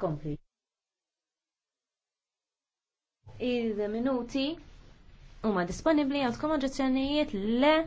Kompli. Il-minuti huma disponibbli għandkom oġġezzjonijiet le